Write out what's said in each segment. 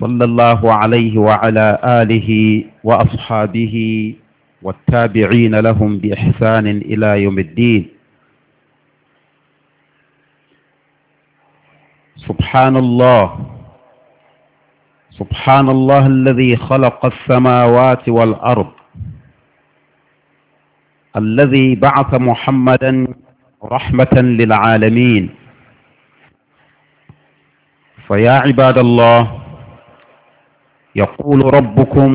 صلى الله عليه وعلى آله وأصحابه والتابعين لهم بإحسان إلى يوم الدين سبحان الله سبحان الله الذي خلق السماوات والأرض الذي بعث محمدا رحمة للعالمين فيا عباد الله يقول ربكم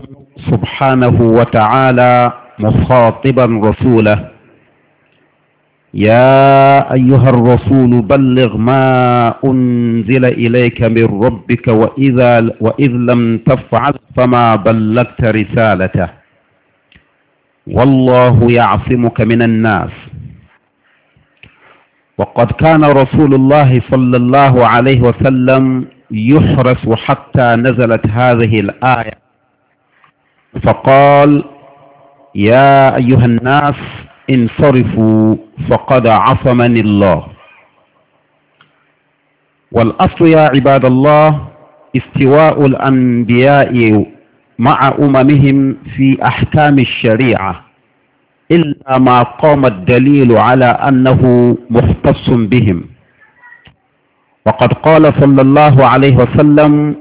سبحانه وتعالى مخاطبا رسوله يا أيها الرسول بلغ ما أنزل إليك من ربك وإذا وإذ لم تفعل فما بلغت رسالته والله يعصمك من الناس وقد كان رسول الله صلى الله عليه وسلم يحرف حتى نزلت هذه الآية فقال يا أيها الناس انصرفوا فقد عصمني الله والأصل يا عباد الله استواء الأنبياء مع أممهم في أحكام الشريعة إلا ما قام الدليل على أنه مختص بهم وقد قال صلى الله عليه وسلم